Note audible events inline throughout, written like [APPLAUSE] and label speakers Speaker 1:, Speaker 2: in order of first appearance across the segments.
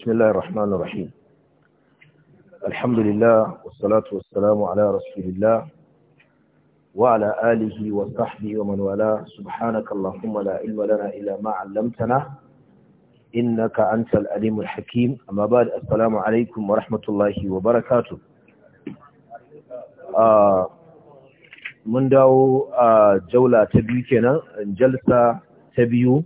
Speaker 1: بسم الله الرحمن الرحيم الحمد لله والصلاة والسلام على رسول الله وعلى آله وصحبه ومن والاه سبحانك اللهم لا علم لنا إلا ما علمتنا إنك أنت الأليم الحكيم أما بعد السلام عليكم ورحمة الله وبركاته آه من دعو آه جولة تبيكنا جلسة تبيو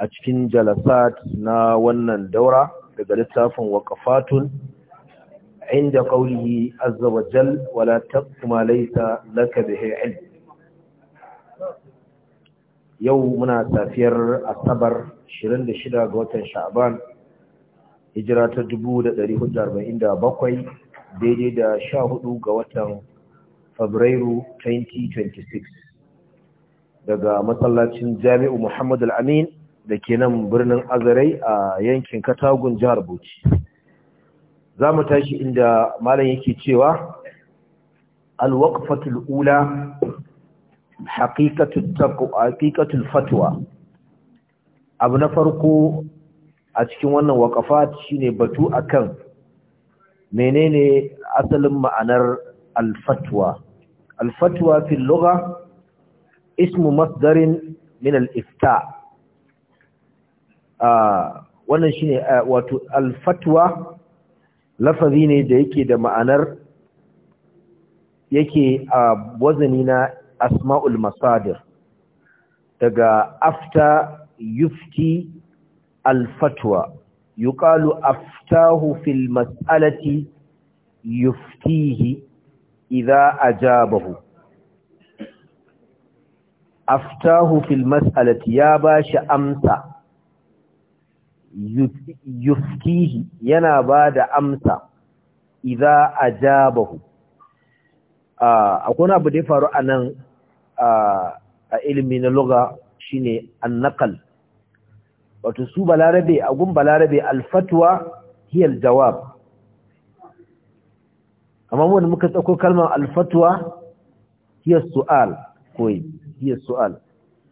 Speaker 1: a cikin jalasat na wannan daura daga littafin waqafatun inda qawlihi azza wa jal wala taqma laysa laka bihi ilm yau muna safiyar asabar 26 ga watan sha'ban hijira ta 1447 daidai da 14 ga watan fabrairu 2026 daga masallacin jami'u muhammadu Amin. da ke nan birnin azarai a yankin katagun jihar bauchi za mu tashi inda malam yake cewa alwakfatul ula haqiqatul fatwa abu na farko a cikin wannan waqafat shine batu akan menene asalin ma'anar alfatwa alfatwa fil lugha ismu masdarin min al-ifta' wannan shine wato alfatwa lafazi ne da yake da ma'anar yake a wazani na asma'ul masadir daga afta yufti alfatwa yuqalu aftahu fil mas'alati yuftihi idza ajabahu aftahu fil mas'alati ya bashi amsa yufkihi yana ba da amsa A ajabahu akwai abu da ya faru a nan a ilimi na luga shine annaqal wato su balarabe agun balarabe alfatuwa, hiya jawab. amma mu muka tsako kalmar alfatuwa, hiya su'al ko hiya su'al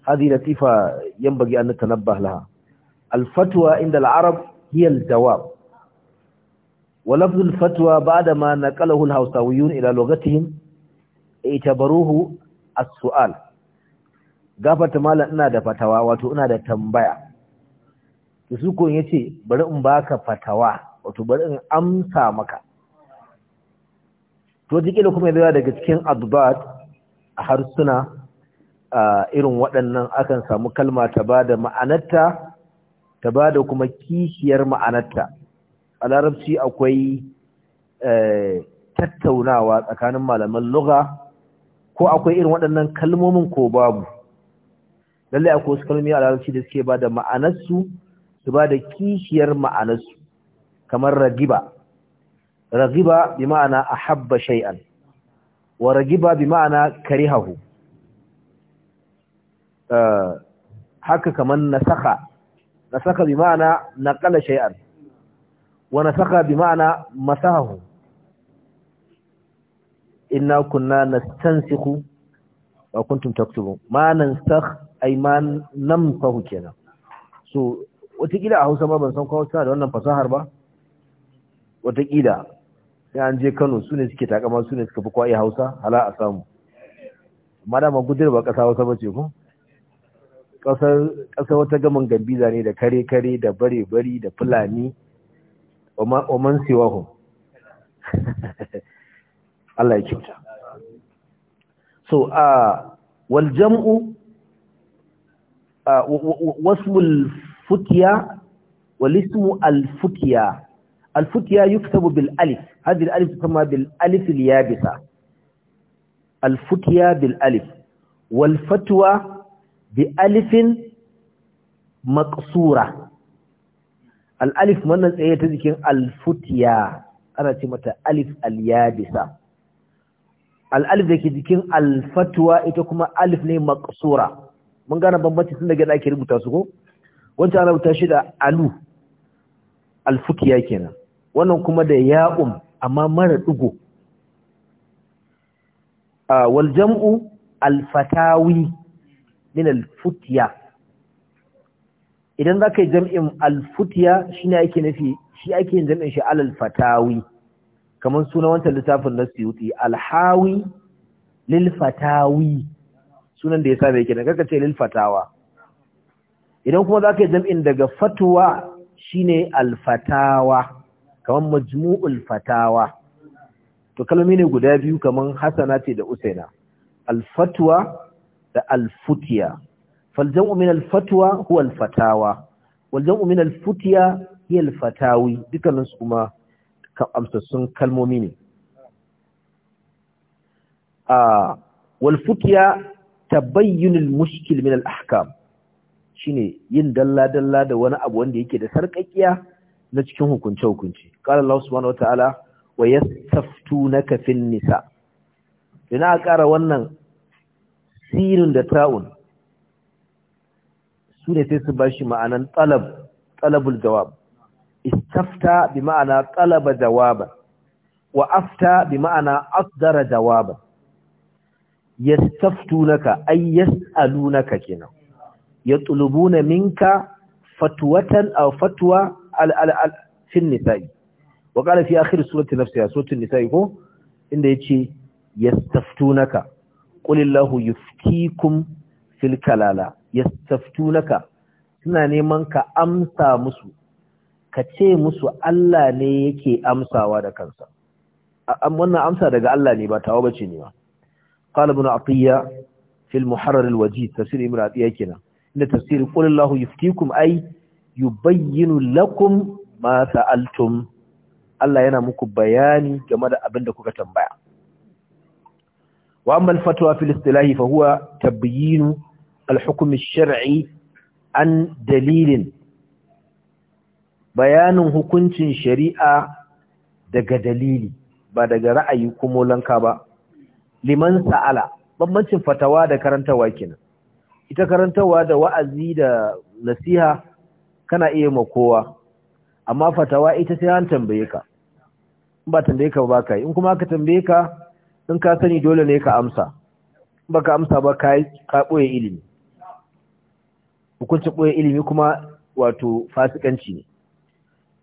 Speaker 1: hadi latifa yanbaghi an tanabbaha laha Alfatwa inda الفتوى عند العرب هي الجواب ولفظ الفتوى بعدما نقله الهوساويون إلى لغتهم اعتبروه sual gafata mala ina da fatawa wato ina da tambaya to su ko yace bari in baka fatawa wato bari in amsa maka to dikila kuma yana daga cikin adbat a harsuna irin waɗannan akan samu kalma ta bada ma'anarta ta ba da kuma kishiyar ma'anarta a larabci akwai eh, tattaunawa tsakanin malaman luga ko akwai irin waɗannan kalmomin ko babu lallai akwai wasu kalmomi a larabci da suke ba da ma'anarsu su ba da kishiyar ma'anarsu kamar ragiba ragiba bi ma'ana a habba shay'an wa ragiba bi ma'ana hahu, eh, haka kamar nasaka نسخ bi ma'ana شيئا ونسخ wa nasaka bi ma'ana نستنسخ وكنتم kunna ما ننسخ أي ما نمسه كنا so watakila a Hausa ba ban san ko Hausa da wannan fasahar ba sai an je Kano sune suke takama sune suka fi kwai Hausa hala a samu madama gudir ba kasa Hausa bace ko ƙasar wata gaman gambiza ne da kare-kare da bare-bari da fulani oman siwahu [LAUGHS] Allah ya kyauta so a waljam'u wasu futiya walismu alfutiya alfutiya yuktabu bil alif hadhihi al alif tusamma bil alif al yabisa alfutiya bil alif wal fatwa bi alifin maqsura al-alif wannan tsaye ta jikin al-futiya ana ce mata alif al-yabisa al-alif dake jikin al-fatwa ita kuma alif ne maqsura mun gane bambanci tun daga da ake rubuta su ko wancan ana rubuta shi da alu al-futiya kenan wannan kuma da ya'um amma mara ɗigo. Ah, wal jam'u al-fatawi min al idan zaka yi jam'in al shine ake nufi shi ake yin jam'in shi alal fatawi kaman sunan wancan littafin na Suyuti al-hawi lil fatawi sunan da ya saba yake daga kace lil fatawa idan kuma zaka yi jam'in daga fatwa shine al-fatawa kamar majmu'ul fatawa to kalmomi ne guda biyu kamar hasana ce da usaina al-fatwa da alfutiya. futiya fal jam'u min al-fatwa huwa al-fatawa wal jam'u min al-futiya hiya al-fatawi dukkanin su kuma amsassun kalmomi ne a wal futiya tabayyun al-mushkil min al-ahkam shine yin dalla dalla da wani abu wanda yake da sarƙaƙƙiya na cikin hukunce hukunci qala Allah subhanahu wataala wa yastaftunaka fin nisa' Ina ƙara wannan sinin da ta'un su ne sai su ba shi ma'anan talab talabul jawab istafta bi ma'ana talaba jawaba wa afta bi ma'ana asdara jawaba yastaftunaka ay yas'alunaka kenan yatlubuna minka fatwatan aw fatwa al al, al fi nisa'i wa qala fi akhir surati nafsiha surati nisa'i ko inda yace yastaftunaka qulillahu yuftikum fil kalala yastaftunaka suna neman ka amsa musu ka ce musu Allah ne yake amsawa da kansa wannan amsa daga Allah ne ba tawa bace ne ba qala ibn atiya fil muharrar al wajid tafsir ibn atiya kenan inda tafsir Allah yuftikum ay yubayyin lakum ma sa'altum Allah yana muku bayani game da abin da kuka tambaya wa amma al-fatwa fil istilahi fa huwa tabyin shari an dalilin bayanin hukuncin shari'a daga dalili ba daga ra'ayi kuma lanka ba liman sa'ala bambancin fatawa da karantawa kenan ita karantawa da wa'azi da nasiha kana iya ma kowa amma fatawa ita sai an tambaye ka in ba tambaye ka ba kai, in kuma aka tambaye ka in ka sani dole ne ka amsa baka amsa ba ka ka ilimi hukuncin ɓoye ilimi kuma wato fasikanci ne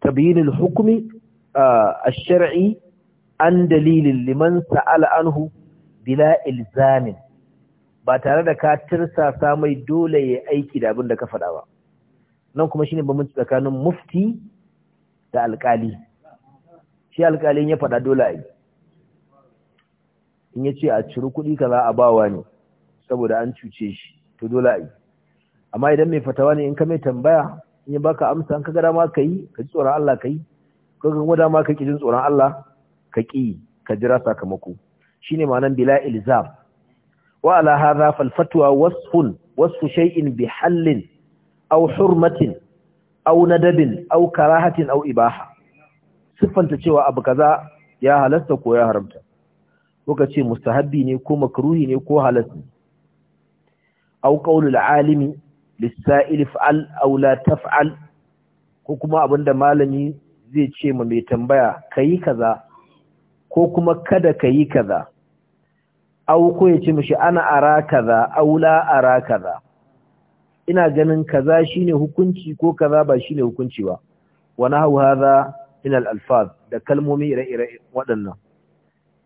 Speaker 1: tabyinul hukumi a shari an dalilin liman sa'ala anhu bila ilzamin ba tare da ka tirsasa mai dole ya aiki da abin da ka faɗa ba nan kuma shine bambanci tsakanin mufti da alƙali shi alƙalin ya faɗa dole a yi in ya ce a ciri kuɗi ka za a bawa ne saboda an cuce shi to dole a yi amma idan mai fatawa ne in ka mai tambaya in ya baka amsa an ka ga dama ka yi ka ji tsoron Allah ka yi ka kuma dama ka ki tsoron Allah ka ki ka jira sakamako shine ma'anan bila ilzam wa ala hadha fal fatwa wasfun wasfu shay'in bi hallin aw hurmatin aw nadabin aw karahatin aw ibaha siffanta cewa abu kaza ya halasta ko ya haramta kuka ce mustahabbi ne ko makruhi ne ko halas ne aw qaulul alimi lis-sa'il fa'al aw la taf'al ko kuma abinda malami zai ce ma mai tambaya kayi kaza ko kuma kada kayi kaza aw ko ya ce mishi ana ara kaza aw la ara kaza ina ganin kaza shine hukunci ko kaza ba shine hukunci ba wa nahu hadha min al-alfaz da kalmomi ire-ire waɗannan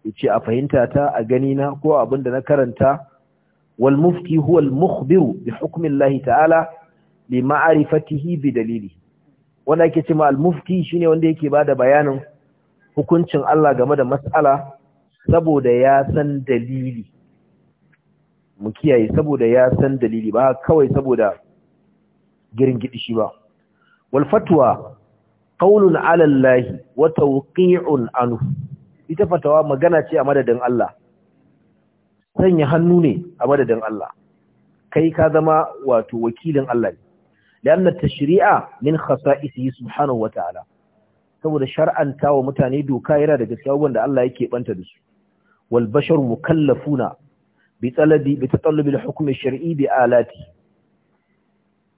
Speaker 1: yace a fahimta ta a gani na ko abin da na karanta wal mufti huwa al mukhbir bi hukm Allah ta'ala li ma'rifatihi bi dalili wanda yake cewa al mufti shine wanda yake bada bayanin hukuncin Allah game da mas'ala saboda ya san dalili mu kiyaye saboda ya san dalili ba kawai saboda giringidi shi ba wal fatwa qawlun 'ala Allah wa tawqi'un anhu ita fatawa magana ce a madadin Allah sanya hannu ne a madadin Allah kai ka zama wato wakilin Allah ne lanna tashri'a min khasa'isihi subhanahu wata'ala saboda shar'antawa wa mutane doka yana daga cikin da Allah yake banta da su wal basharu mukallafuna bi talabi bi tatallabi shari bi alati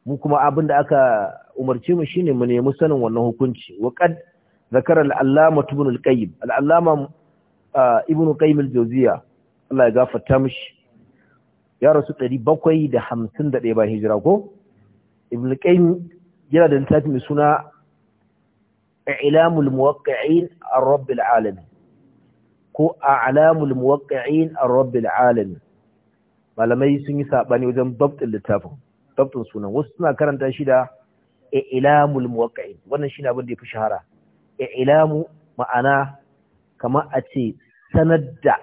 Speaker 1: mu kuma abin da aka umarce mu shine mu nemi sanin wannan hukunci wa ذكر العلامة ابن القيم العلامة ابن القيم الجوزية Allah ya gafarta mishi ya rasu 751 bayan hijira ko ibn qayyim yana da littafi mai suna i'lamul a ar-rabbil alamin ko a'lamul muwaqqi'in ar-rabbil alamin malamai sun yi saɓani wajen babtin littafin babtin sunan wasu suna karanta shida da i'lamul muwaqqi'in wannan shine abin da fi shahara ilamu ma'ana kamar a ce sanar da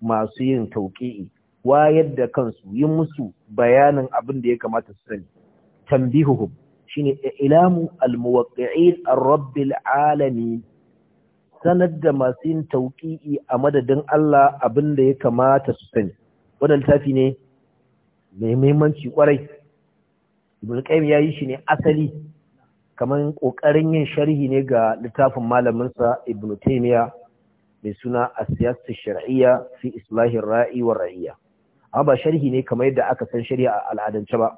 Speaker 1: masu yin tauƙi'i wayar da kansu yin musu bayanin abin da ya kamata su sani tambihuhum shine ilamu almuwaqqi'in ar-rabbil alamin sanar da masu yin tauƙi'i a madadin Allah abin da ya kamata su sani wannan littafi ne mai muhimmanci kwarai ibn qayyim yayi shi ne asali kamar kokarin yin sharhi ne ga littafin malaminsa ibn taymiya mai suna a asiyasta shar'iyya fi islahin ra'i wa ra'iyya amma ba sharhi ne kamar yadda aka san shari'a a al'adance ba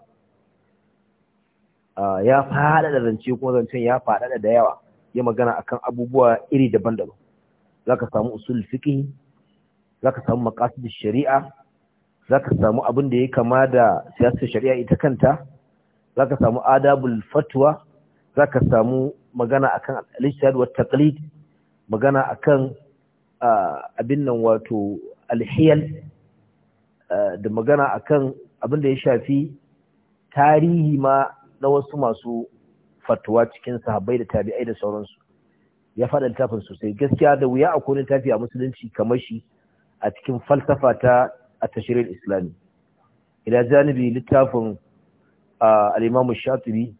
Speaker 1: ah, ya faɗa da zance ko zancen ya faɗa da yawa ya magana akan abubuwa iri daban-daban zaka samu usul za zaka samu maqasid shari'a zaka samu abin da ya kama da siyasar shari'a ita kanta zaka samu adabul fatwa za ka samu magana akan al wa taqlid magana akan abin nan wato alhiyal da magana akan abin da ya shafi tarihi ma na wasu masu fatuwa cikin sahabbai da tabi'ai da sauransu ya faɗa littafin sosai gaskiya da wuya a kone tafi a musulunci kamar shi a cikin falsafa ta a tashirin islami ila janibi littafin al'imamu shatibi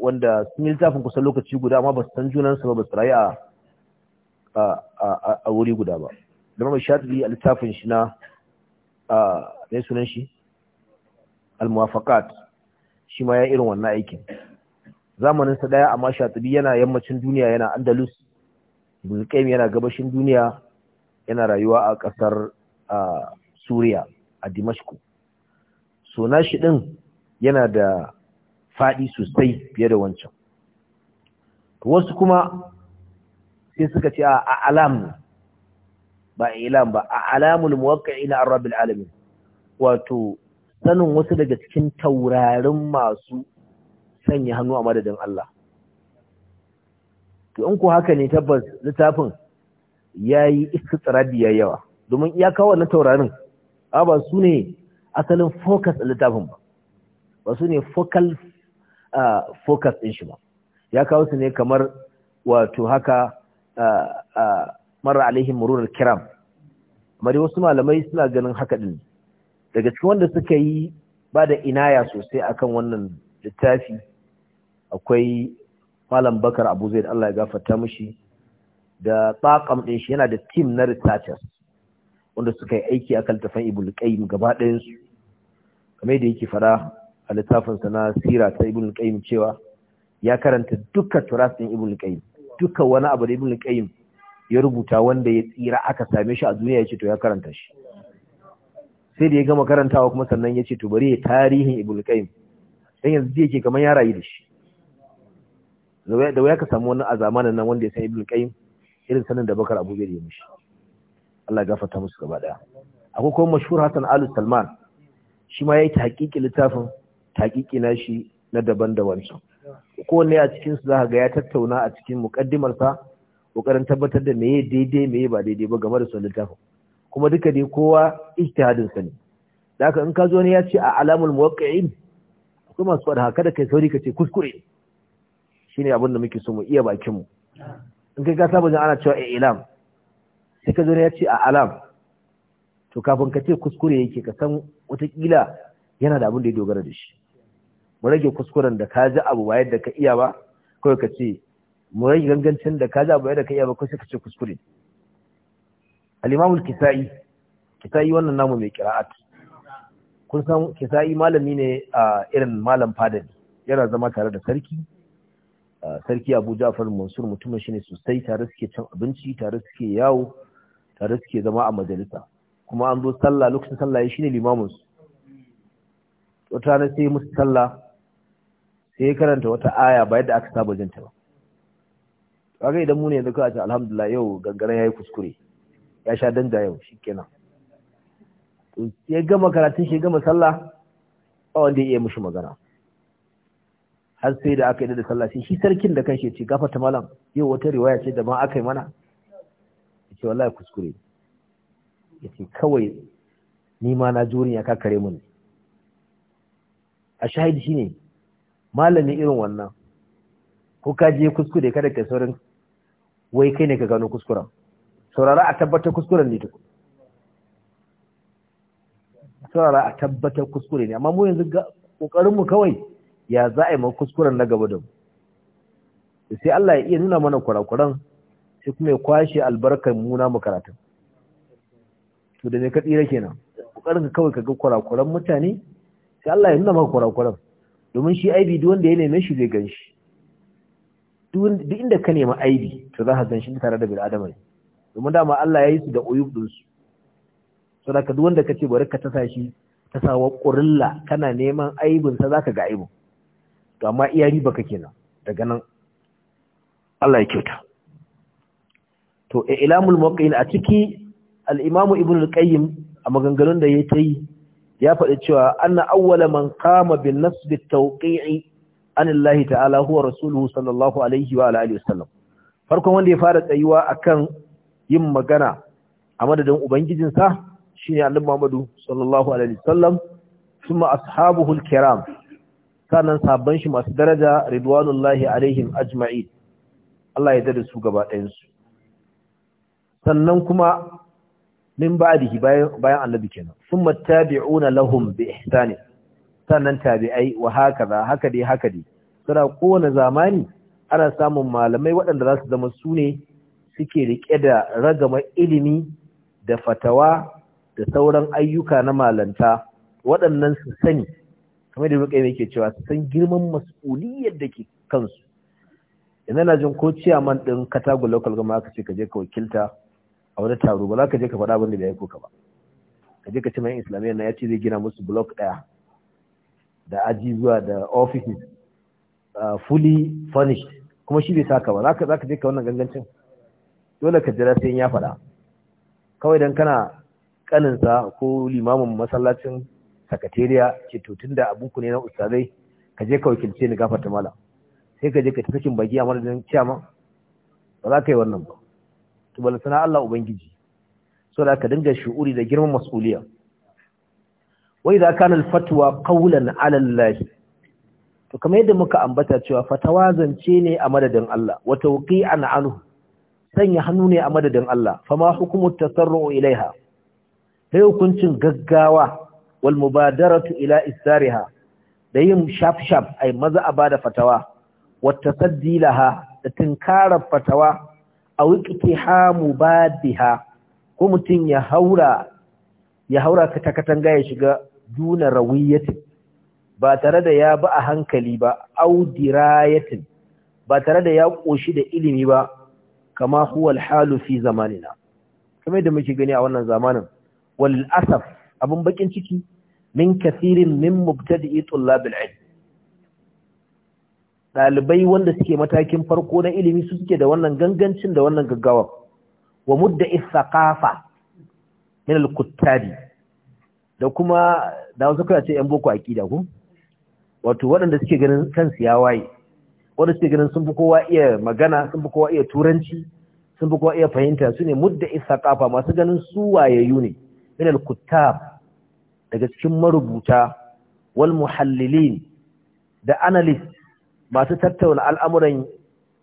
Speaker 1: wanda sun yi littafin kusan lokaci guda amma ba su san junansu ba ba su rayu a wuri guda ba da mamman shaɗi a littafin shi na ne sunan shi al-muwafaqat shi ma ya irin wannan aikin zamaninsa daya amma shatibi yana yammacin duniya yana andalus ibn yana gabashin duniya yana rayuwa a kasar suriya a dimashku so shi din yana da faɗi sosai fiye da wancan wasu kuma sai suka ce a alam ba a ilam ba a alamul muwakka'i an arabil alamin wato sanin wasu daga cikin taurarin masu sanya hannu a madadin Allah to in ku haka ne tabbas littafin yayi ya yawa domin iya kawo wannan taurarin ba su ne asalin fokas a littafin ba ba su ne focal focus ɗin shi ba ya kawo su ne kamar wato haka mara alaihin mururar kiram mari wasu malamai suna ganin haka ɗin daga cikin wanda suka yi ba da inaya sosai akan wannan littafi akwai malam bakar abu zai Allah ya gafarta mushi da tsakam ɗin shi yana da tim na researchers wanda suka yi aiki akan kaltafan ibulkai gaba ɗayansu. kamar da yake fara a littafinsa na sira ta ibn qayyim cewa ya karanta duka turasin din ibn qayyim duka wani abu da ibn qayyim ya rubuta wanda ya tsira aka same shi a duniya ya ce to ya karanta shi sai da ya gama karantawa kuma sannan ya ce to bari ya tarihin ibn qayyim dan yanzu ke kamar ya rayu da shi da waya ka samu wani a zamanin nan wanda ya san ibn qayyim irin sanin da bakar abu ya mishi Allah ya gafarta musu gaba daya akwai kuma mashhur Hassan alu Salman shi ma yayi tahqiqi littafin taƙiƙi na shi na daban da wancan ne a cikin su za ga ya tattauna a cikin mukaddimarsa kokarin tabbatar da meye daidai meye ba daidai ba game da su littafin kuma duka dai kowa ijtihadin sa ne da haka in ka zo ne ya ce a alamul muwaqqi'in akwai masu faɗa haka da kai sauri ka ce kuskure shine abin da muke so mu iya bakin mu in kai ka saba jin ana cewa ilam sai ka zo ne ya ce a alam to kafin ka ce kuskure yake ka san watakila yana da abin da ya dogara da shi mu rage kuskuren da ka ji abu ba yadda ka iya ba kawai ka ce mu rage gangancin da ka ji abu yadda ka iya ba kawai ka ce kuskure al-imamul kisa'i kisa'i wannan namu mai qira'at kun san kisa'i malami ne a irin malam fadali yana zama tare da sarki sarki Abu Ja'far Mansur mutumin shi ne sosai tare suke cin abinci tare suke yawo tare suke zama a majalisa kuma an zo sallah lokacin sallah shi ne limamin su wata sai musu sallah sai ya karanta wata aya ba yadda aka saba jinta ba kaga idan mu ne yanzu kawai alhamdulillah yau gangaren yayi kuskure ya sha danja yau shikenan to ya gama karatun shi gama sallah ba wanda ya yi mushi magana har sai da aka yi da sallah sai shi sarkin da kanshi ce gafarta malam yau wata riwaya ce da ma aka yi mana ya ce wallahi kuskure ya ce kawai ni ma na jurin ya kakare mun a shahidi shine malami irin wannan ko ka je kuskure kada ka saurin wai kai ne ka gano kuskuren saurara a tabbatar kuskuren ne duk saurara a tabbatar kuskure ne amma mu yanzu kokarin mu kawai ya za a yi mu kuskuren na gaba da mu sai Allah ya iya nuna mana kurakuran sai kuma ya kwashe albarkar mu na makaratun to da ne ka tsira kenan kokarin ka kawai ka ga kurakuran mutane sai Allah ya nuna maka kurakuran domin shi aibi duk wanda ya neme shi zai gan shi duk inda ka nema aibi to za ka gan shi tare da bil'adama ne domin dama Allah ya yi su da uyub ɗinsu su. da ka duk wanda ka ce bari ka tasa shi ta wa ƙurilla kana neman aibinsa za ka ga aibin to amma iya riba ka kenan daga nan Allah ya kyauta to ilamul muqin a ciki al-imamu ibnu al-qayyim a maganganun da ya ta yi ya faɗi cewa anna awwala man qama bin nasb at-tawqi'i an Allah ta'ala huwa rasuluhu sallallahu alaihi wa alihi wasallam farkon wanda ya fara tsayuwa akan yin magana a madadin ubangijinsa shine annabi Muhammadu sallallahu alaihi wasallam kuma ashabuhu al-kiram sannan sabban shi masu daraja ridwanullahi alaihim ajma'in Allah ya dade su gaba ɗayan su sannan kuma min ba'dihi bayan bayan annabi kenan thumma tabi'una lahum bi ihsani sannan tabi'ai wa hakaza haka dai haka dai suna kowane zamani ana samun malamai waɗanda za su zama su ne suke rike da ragama ilimi da fatawa da sauran ayyuka na malanta waɗannan su sani kamar da rukai yake cewa su san girman mas'uliyar da ke kansu idan na jin ko ciyaman ɗin katago local gama aka ce ka je ka wakilta a wani taro ba za ka je ka faɗa abin da bai aiko ka ba ka je ka ce mai islamiyya na ya ce zai gina musu blok ɗaya da aji zuwa da offices fully furnished kuma shi bai saka ba za ka je ka wannan gangancin dole ka jira sai ya faɗa kawai dan kana kaninsa ko limamin masallacin sakatariya ce to tunda abun ku ne na ustazai ka je ka wakilce ni gafarta mala sai ka je ka tafi kin baki a madadin ciyama ba za ka yi wannan ba to bala sana Allah ubangiji so da ka dinga shu'uri da girman mas'uliya wai da kana alfatwa qawlan ala Allah to kamar yadda muka ambata cewa fatawa zance ne a madadin Allah wa tawqi'an anhu sanya hannu ne a madadin Allah fama hukumu tasarru'u ilaiha sai hukuncin gaggawa wal mubadaratu ila isariha da yin shaf shaf ai maza a bada fatawa wa tasaddi laha da tinkara fatawa a wikiti ha mubadiha ko mutum ya haura ya ta katanga ya shiga duna rawiyatin ba tare da ya ba a hankali ba audirayatin ba tare da ya ƙoshi da ilimi ba kama huwal halu fi zamanina kamar yadda muke gani a wannan zamanin wal asaf abun bakin ciki min kathirin min mubtadi'i tullabil ilm ɗalibai wanda suke matakin farko na ilimi su suke da wannan gangancin da wannan gaggawar wa mudda isaqafa min al-kuttabi da kuma da wasu kuma ce yan boko aqida ku wato waɗanda suke ganin kansu ya waye waɗanda suke ganin sun fi kowa iya magana sun fi kowa iya turanci sun fi kowa iya fahimta su ne mudda ƙafa masu ganin su wayayyu ne min al-kuttab daga cikin marubuta wal muhallilin da analyst masu tattauna al'amuran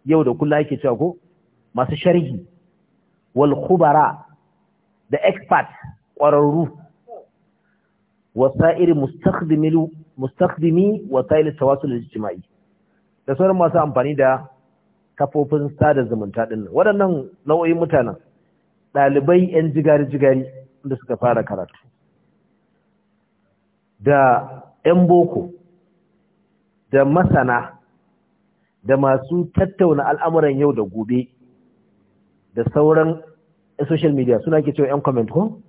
Speaker 1: yau da kula yake cewa ko masu sharhi wal khubara da expert ƙwararru wasa'ir mustakhdimil wasa'il tawasul jima'i da sauran masu amfani da kafofin sada zumunta ɗin waɗannan nau'o'in mutanen ɗalibai 'yan jigari-jigari da suka fara karatu da 'yan boko da masana da masu tattauna al'amuran yau da gobe da sauran social media suna ke cewa ‘yan comment ko?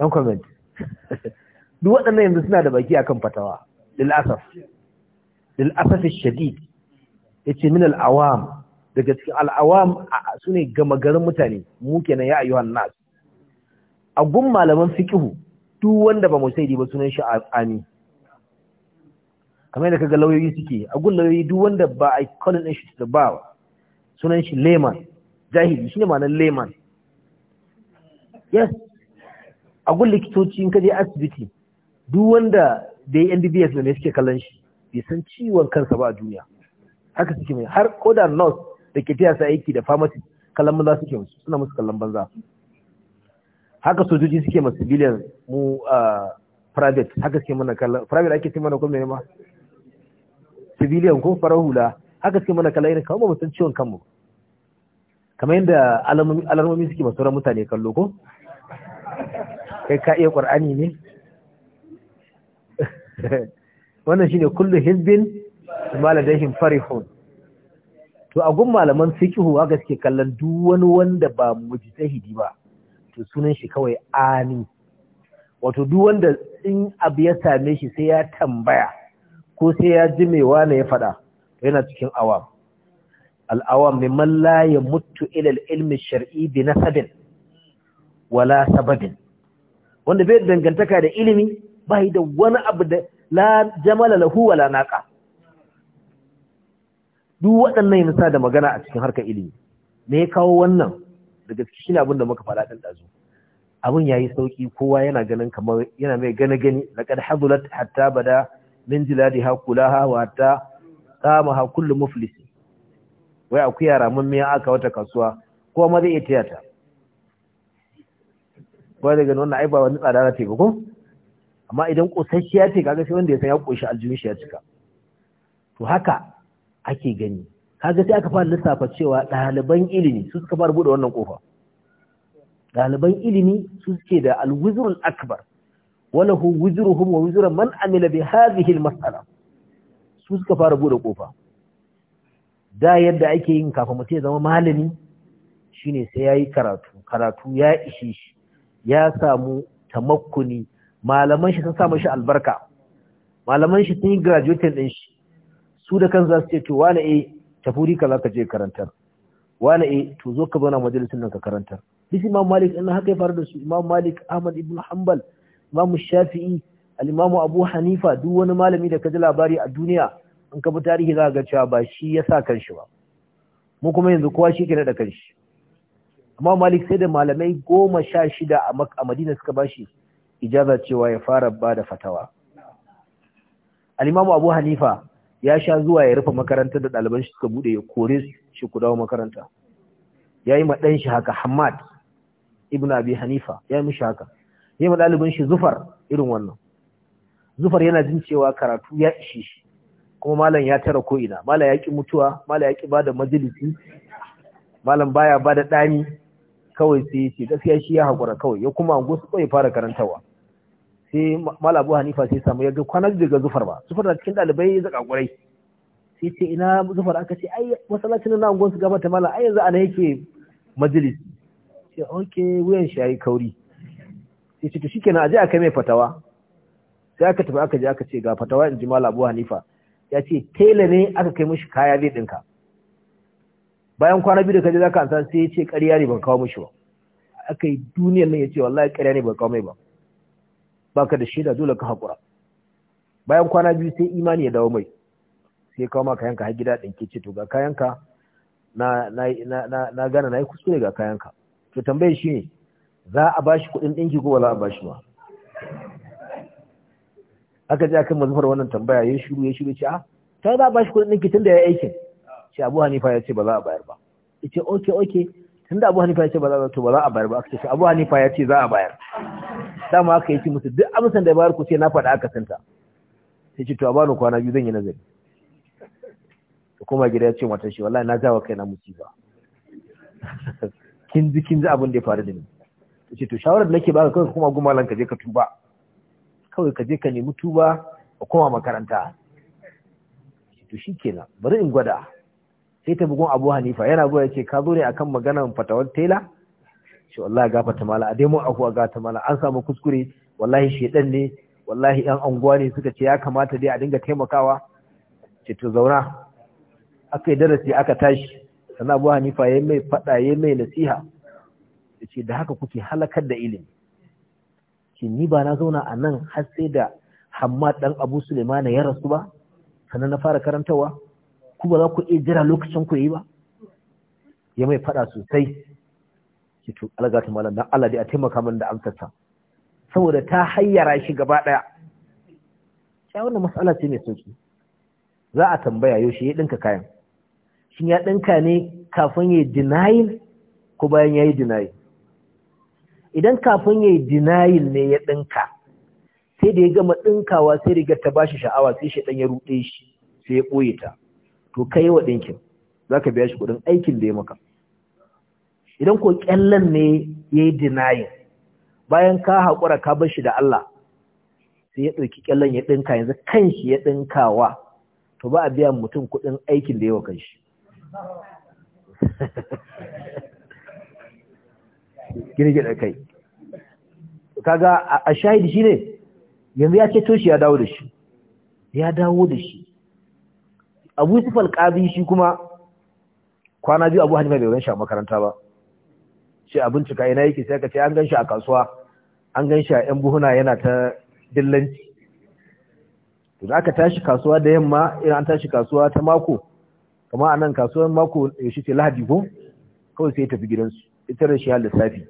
Speaker 1: ‘yan comment [LAUGHS] duk waɗannan yanzu suna da baki akan fatawa lil'asaf lil'asaf shadid ya ce min al'awam daga cikin al'awam su ne gama garin mutane mu kenan ya ayyuhan nas a gun malaman fikihu duk wanda ba mu sai ba sunan shi Amin. kamar yadda kaga lauyoyi suke a gun lauyoyi duk wanda ba a kolin ɗin shi su ba sunan shi leman jahili shi ne ma'anar leman yes a gun likitoci in kaje asibiti duk wanda da ya mbbs ne suke kallon shi bai san ciwon kansa ba a duniya haka suke mai har ko da nurse da ke taya sa aiki da pharmacy kallon banza suke musu suna musu kallon banza haka sojoji suke masu biliyan mu ah, private haka suke mana kallon private ake ce mana kuma ne ma civilian ko farar hula haka suke mana kala irin kawo mutum ciwon kanmu kamar yadda alamomi suke masu ran mutane kallo ko kai ka iya ƙwar'ani ne [LAUGHS] wannan shi ne kullum hizbin maladahim farihun to a gun malaman fiqhu haka suke kallon duk wani wanda ba mujtahidi ba to sunan shi kawai ani wato duk wanda in abu ya same shi sai ya tambaya ko sai ya ji mai wane ya faɗa yana cikin awam al'awam mai man la mutu ilmi shar'i bi nasabin wala sababin wanda bai dangantaka da ilimi bai da wani abu da la jamala lahu wala naqa duk waɗannan yana sa da magana a cikin harkar ilimi me ya kawo wannan daga cikin shine abin da muka fara ɗan ɗazu abin yayi sauki kowa yana ganin kamar yana mai gane-gane, gani laqad hadulat hatta bada min jiladiha kulaha wata ta ha kullu muflisi wai yara mun miya aka wata kasuwa ko ma zai iya ta ko daga wannan ai ba wani tsada na ba ko amma idan ya ce kaga sai wanda ya san ya koshi aljihun shi ya cika to haka ake gani kaga sai aka fara lissafa cewa ɗaliban ilimi su suka fara buɗe wannan kofa ɗaliban ilimi su suke da alwizrul akbar walahu wujruhum wa wujra man amila bi hadhihi al-mas'ala su suka fara bude kofa da yadda ake yin kafa mutai ya zama malami shine sai yayi karatu karatu ya ishe shi ya samu tamakkuni malaman shi sun samu shi albarka malaman shi sun yi graduating din shi su da kan za su ce to wani eh tafuri ka ka je karantar wani eh to zo ka zauna majalisin nan ka karantar duk imam malik in haka ya faru da su imam malik ahmad ibn hanbal imamu shafi'i al abu hanifa duk wani malami da ka ji labari a duniya in ka bi tarihi za ga cewa ba shi ya sa kanshi ba mu kuma yanzu kowa shi ke da kanshi amma malik sai da malamai goma sha shida a madina suka ba shi. ijaza cewa ya fara ba da fatawa al abu hanifa ya sha zuwa ya rufe makarantar da ɗaliban shi suka buɗe ya kore shi ku dawo makaranta ya yi ma ɗan shi haka hamad ibn abi hanifa ya yi mishi haka yi ma ɗalibin shi zufar irin wannan zufar yana jin cewa karatu ya ishe shi kuma malam ya tara ko ina, malam ya ki mutuwa malam ya ki ba da majalisi malam baya ba da ɗani kawai sai ce gaskiya shi ya haƙura kawai ya kuma ango su kawai fara karantawa sai malam abu hanifa sai samu ya ga kwanar daga zufar ba zufar na cikin ɗalibai ya zaƙa ƙurai sai ce ina zufar aka ce ai masallacin na angon su gabata malam ai yanzu ana yake majalisi ce ok wuyan shi ya yi kauri sai ce to shikenan aje aka mai fatawa sai aka tafi aka je aka ce ga fatawa in ji malam Abu Hanifa ya ce tela ne aka kai mishi kaya zai dinka bayan kwana biyu da kaje zaka ansa sai ya ce ƙarya ne ban kawo mishi ba aka yi duniyar nan ya ce wallahi ƙarya ne ban kawo mai ba baka da da dole ka hakura bayan kwana biyu sai imani ya dawo mai sai kawo ma kayanka har gida ɗinke ce to ga kayanka na na na na gana na yi kuskure ga kayanka to tambayar shi ne za a bashi kudin dinki ko wala a bashi ba aka ji akan mazufar wannan tambaya ya shiru ya shiru ce a ah, ta za a bashi kudin ɗinki tun da ya yi aikin ce abu hanifa ya ce ba za a bayar ba ita oke oke tun da abu hanifa ya ce ba za a to ba za a bayar ba aka ce abu hanifa ya ce za a bayar dama aka yi ce musu duk amsan da ya bayar ku ce na faɗa aka santa sai ce to a bani kwana biyu zan yi nazari da koma gida ya ce matar shi wallahi na jawa kaina musiba [LAUGHS] kin ji kin ji abin da ya faru da ni yace to shawarar da nake baka kawai kuma goma lan ka je ka tuba kawai ka je ka nemi tuba ka koma makaranta to shikenan bari in gwada sai ta bugun Abu Hanifa yana zuwa yace ka zo ne akan maganar fatawar tela shi wallahi fata mala a dai mun afuwa ta mala an samu kuskure wallahi shedan ne wallahi yan anguwa ne suka ce ya kamata dai a dinga taimakawa ce to zauna aka yi darasi aka tashi sannan Abu Hanifa yayi mai fada mai nasiha ce da haka kuke halakar da ilimi Shin ni ba na zauna a nan har sai da Hammad ɗan Abu Sulaimana ya rasu ba sannan na fara karantawa ku ba za ku iya jira lokacin ku yi ba ya mai fada sosai ce to algata malam dan Allah dai a taimaka min da amsarsa saboda ta hayyara shi gaba ɗaya. sai wannan mas'ala ce mai sauki za a tambaya yaushe ya dinka kayan shin ya dinka ne kafin ya denial ko bayan ya yi denial idan kafin ya yi denial ne ya ɗinka sai da ya gama ɗinkawa sai rigar ta bashi sha'awa sai shi ɗan ya ruɗe shi sai ya ɓoye ta to kai wa ɗinkin za ka biya shi kuɗin aikin da ya maka idan ko ƙyallen ne ya yi denial bayan ka haƙura ka bar shi da Allah sai ya ɗauki ƙyallen ya ɗinka yanzu kan shi ya ɗinkawa to ba a biya mutum kuɗin aikin da ya wa kan shi [LAUGHS] girgida kai kaga a shahidi shine yanzu ya to shi ya dawo da shi ya dawo da shi abu yusuf alqabi shi kuma kwana biyu abu hanifa bai gan shi a makaranta ba shi a bincika yana yake sai ka ce an gan shi a kasuwa an gan shi a yan buhuna yana ta dillanci to da aka tashi kasuwa da yamma ina an tashi kasuwa ta mako a anan kasuwar mako yaushe ce lahadi ko kawai sai ya tafi gidansu ita da shi har lissafi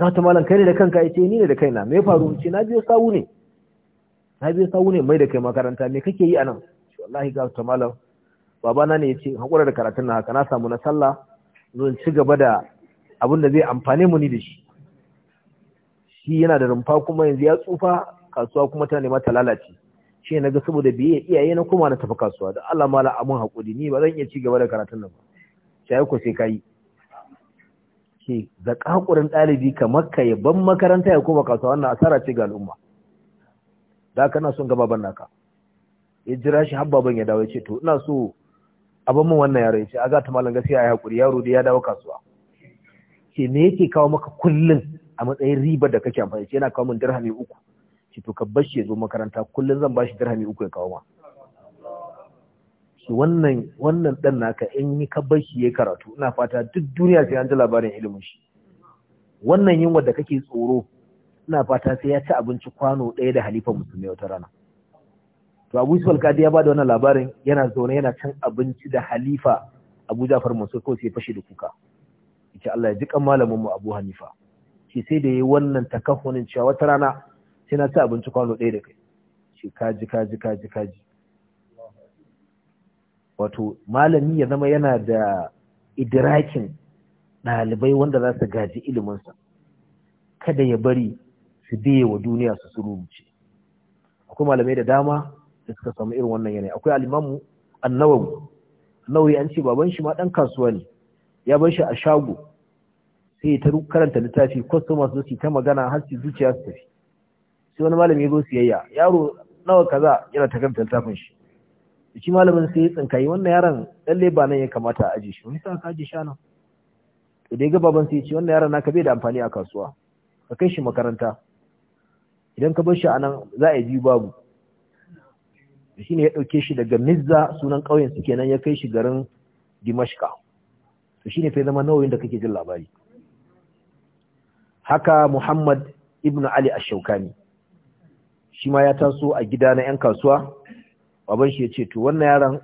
Speaker 1: ka ta malam kai ne da kanka ce ni ne da kaina me ya faru ce na biyo sawu ne na biyo sawu ne mai da kai makaranta me kake yi anan wallahi ga ta malam na ne ya ce hakura da karatun na haka na samu na sallah zan ci gaba da abin da zai amfane mu ni da shi shi yana da rumfa kuma yanzu ya tsufa kasuwa kuma ta nema ta lalace shi na ga saboda biye iyaye na kuma na tafi kasuwa da Allah mala amun hakuri ni ba zan iya ci gaba da karatun nan ba sai ko sai kai ce zakakurin ɗalibi kamar ka yaban makaranta ya koma kasuwa wannan asara ce ga al'umma da na son gaba ban naka ya jira shi habba ban ya dawo ya ce to ina so a bamu wannan yaro ya ce a za ta malam gaskiya ya hakuri yaro da ya dawo kasuwa ce me yake kawo maka kullum a matsayin riba da kake amfani ce yana kawo min dirhami uku ce to ka bar ya zo makaranta kullum zan bashi dirhami uku ya kawo ma shi wannan wannan dan naka in yi ka bar shi yayi karatu ina fata duk duniya sai an ji labarin ilimin shi wannan yunwa da kake tsoro ina fata sai ya ci abinci kwano ɗaya da halifa musulmi wata rana to abu yusuf alkadi ya ba da wannan labarin yana zaune yana cin abinci da halifa abu jafar mansur kawai sai fashe da kuka yace Allah ya ji malamin mu abu hanifa shi sai da yayi wannan takahunin cewa wata rana sai na ci abinci kwano ɗaya da kai shi kaji kaji kaji kaji wato malami ya zama yana da idrakin ɗalibai wanda za su gaji iliminsa kada ya bari su biye wa duniya su surumce akwai malamai da dama da suka samu irin wannan yanayi akwai alimamu annawawi annawawi an ce baban shi ma ɗan kasuwa ne ya bar shi a shago sai ta karanta littafi customers su ta magana har su zuciya su tafi sai wani malami ya zo siyayya yaro nawa kaza yana ta karanta littafin shi shi malamin sai ya tsinkayi wannan yaron lalle ba nan ya kamata a aje shi wani sa ka aje shi nan to dai ga baban sai ya ce wannan yaron naka bai da amfani a kasuwa ka kai shi makaranta idan ka bar shi anan za a yi biyu babu shi ne ya ɗauke shi daga Nizza sunan ƙauyen su kenan ya kai shi garin dimashka to shi ne zama nauyin da kake jin labari haka muhammad ibn ali ash-shaukani shi ma ya taso a gida na 'yan kasuwa baban shi ya ce to wannan yaron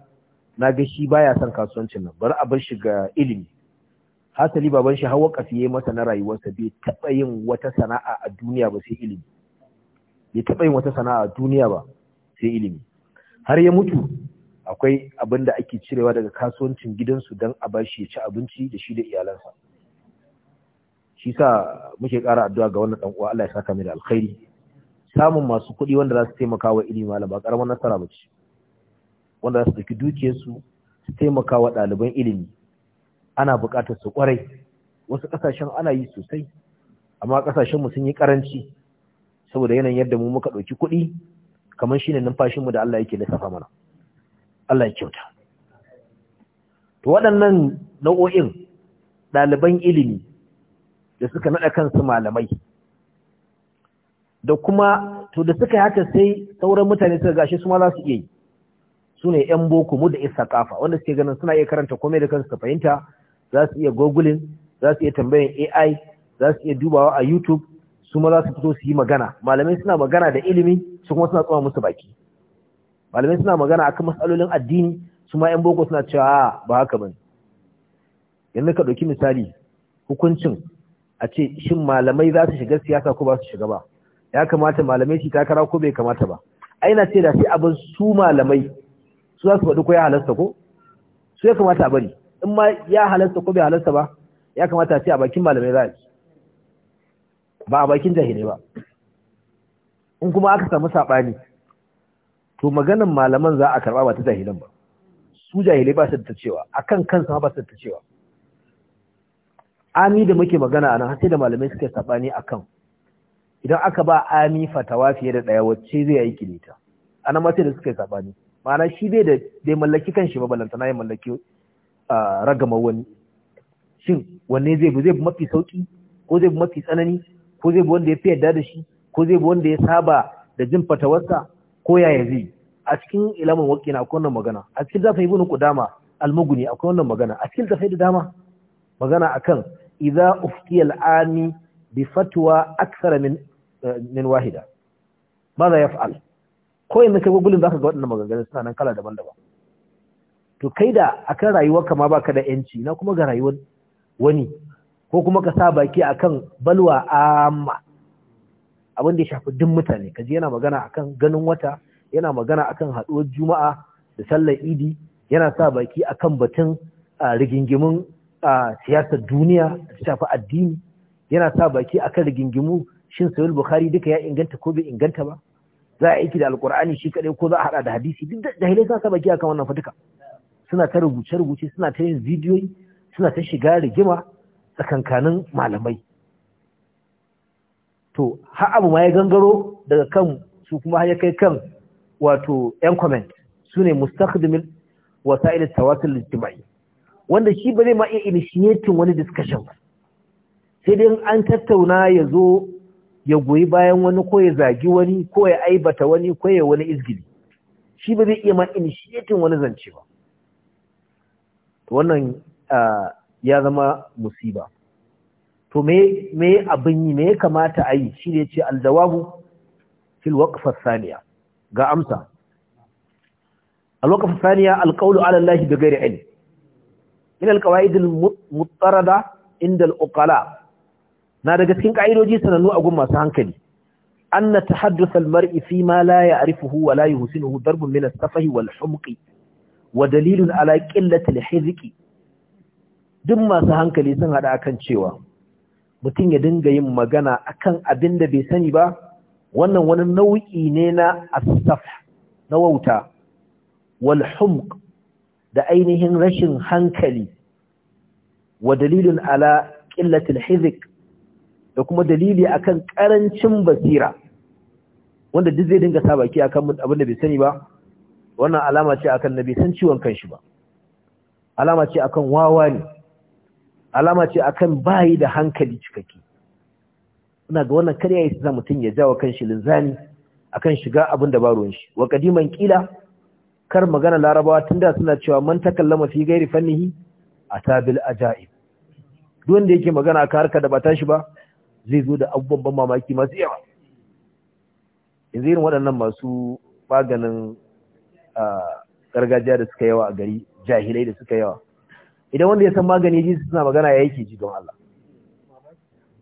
Speaker 1: na ga shi baya son kasuwancin nan bari a bar shi ga ilimi hasali baban shi hawa kafi yayi masa na rayuwarsa bai taba yin wata sana'a a duniya ba sai ilimi bai taba yin wata sana'a a duniya ba sai ilimi har ya mutu akwai abin da ake cirewa daga kasuwancin gidansu don a shi ya ci abinci da shi da iyalansa shi sa muke ƙara addu'a ga wannan uwa Allah ya saka mai da alkhairi samun masu kuɗi wanda za su taimaka wa ilimi malam ba ƙaramar nasara ba ce wanda za su ɗauki dukiyarsu su taimaka wa ɗaliban ilimi ana buƙatar su ƙwarai wasu ƙasashen ana yi sosai amma ƙasashenmu sun yi ƙaranci saboda yanayin yadda mu muka ɗauki kuɗi kamar shi ne numfashinmu da Allah yake lissafa mana Allah ya kyauta to waɗannan nau'o'in ɗaliban ilimi da suka naɗa kansu malamai da kuma to da suka yi haka sai sauran mutane suka gashi su ma za su iya yi su ne ‘yan boko mu da isa kafa wanda suke ganin suna iya karanta komai da kansu ka fahimta za su iya googling za su iya tambayan ai za su iya dubawa a youtube su ma za su fito su yi magana malamai suna magana da ilimi su kuma suna tsawon musu baki malamai suna magana akan matsalolin addini su ma ‘yan boko suna cewa ba haka ba yanzu ka ɗauki misali hukuncin a ce shin malamai za su shiga siyasa ko ba su shiga ba ya kamata malamai shi takara ko bai kamata ba aina ce da sai abin su malamai su za su faɗi ko ya halasta ko su ya kamata a bari in ma ya halasta ko bai halasta ba ya kamata a ce a bakin malamai za a ci ba a bakin jahilai ba in kuma aka samu saɓani to maganan malaman za a karɓa ba ta jahilan ba su jahilai ba su da ta cewa akan kansa ba su da ta cewa ami da muke magana a nan sai da malamai suka saɓani a kan idan aka ba ami fatawa fiye da ɗaya wacce zai yi kilita a nan sai da suka saɓani ma'ana shi bai da bai mallaki shi ba na ya mallaki ragama wani shin wanne zai bi zai bi mafi sauki ko zai bi mafi tsanani ko zai bi wanda ya fi yarda da shi ko zai bi wanda ya saba da jin fatawarsa ko ya zai a cikin ilamin na akwai wannan magana a cikin zafi ibn qudama almuguni akwai wannan magana a cikin zafi da dama magana akan idza uftiya ani bi fatwa aksara min eh, min wahida ماذا يفعل ko yanzu kai gugulin ka ga waɗannan maganganu suna nan kala daban-daban to kai da akan rayuwar ka ma ka da yanci na kuma ga rayuwar wani ko kuma ka sa baki a akan balwa amma abin da ya shafi duk mutane Ka ji yana magana a kan ganin wata yana magana a kan haɗuwar juma'a da sallar idi yana sa baki a kan batun rigingimun siyasar duniya da shafi addini yana sa baki a kan rigingimu shin sayul bukhari duka ya inganta ko bai inganta ba za a aiki da alkur'ani shi kadai ko za a hada da hadisi duk da jahilai sa saba kiya kan wannan fatuka suna ta rubuce rubuce suna ta yin bidiyoyi suna ta shiga rigima tsakankanin malamai to har abu ma ya gangaro daga kan su kuma ya kai kan wato yan comment su ne mustaqdimin wasa'il tawasul ijtimai wanda shi ba zai ma iya initiating wani discussion sai dai an tattauna ya zo ya goyi bayan wani ko ya zagi wani ko ya aibata wani ko ya wani izgili shi ba zai iya ma initiating wani zance ba wannan ya zama musiba to me abin yi me ya kamata a yi shi ne ya ce aljawabu fil waqfa thaniya ga amsa ala الثانية القول على الله بغير علم al القواعد inda al uqala na daga cikin ka'idoji sanannu a gun masu hankali an na tahaddusal almar'i fi ma la ya'rifuhu wa la yuhsinuhu darbun min as-safahi wal humqi wa dalilun ala qillati al-hizqi duk masu hankali sun hada akan cewa mutum ya dinga yin magana akan abin da bai sani ba wannan wani nau'i ne na asaf na wauta wal humq da ainihin rashin hankali wa dalilun ala qillatil hizik. da kuma dalili akan karancin basira wanda duk zai dinga sa baki akan abin da bai sani ba wannan alama ce akan na bai san ciwon kanshi ba alama ce akan wawa ne alama ce akan bayi da hankali cikakke ina ga wannan karya yi sa mutum ya jawo kanshi a akan shiga abin da baro shi wa kadiman kila kar magana larabawa tun da suna cewa man takallama fi gairi fannihi atabil ajaib duk wanda yake magana ka harka da ba tashi ba zai zo da abubuwan ban mamaki masu yawa In zai yi waɗannan masu maganin gargajiya da suka yawa a gari jahilai da suka yawa idan wanda ya san magani ji suna magana ya yake ji don Allah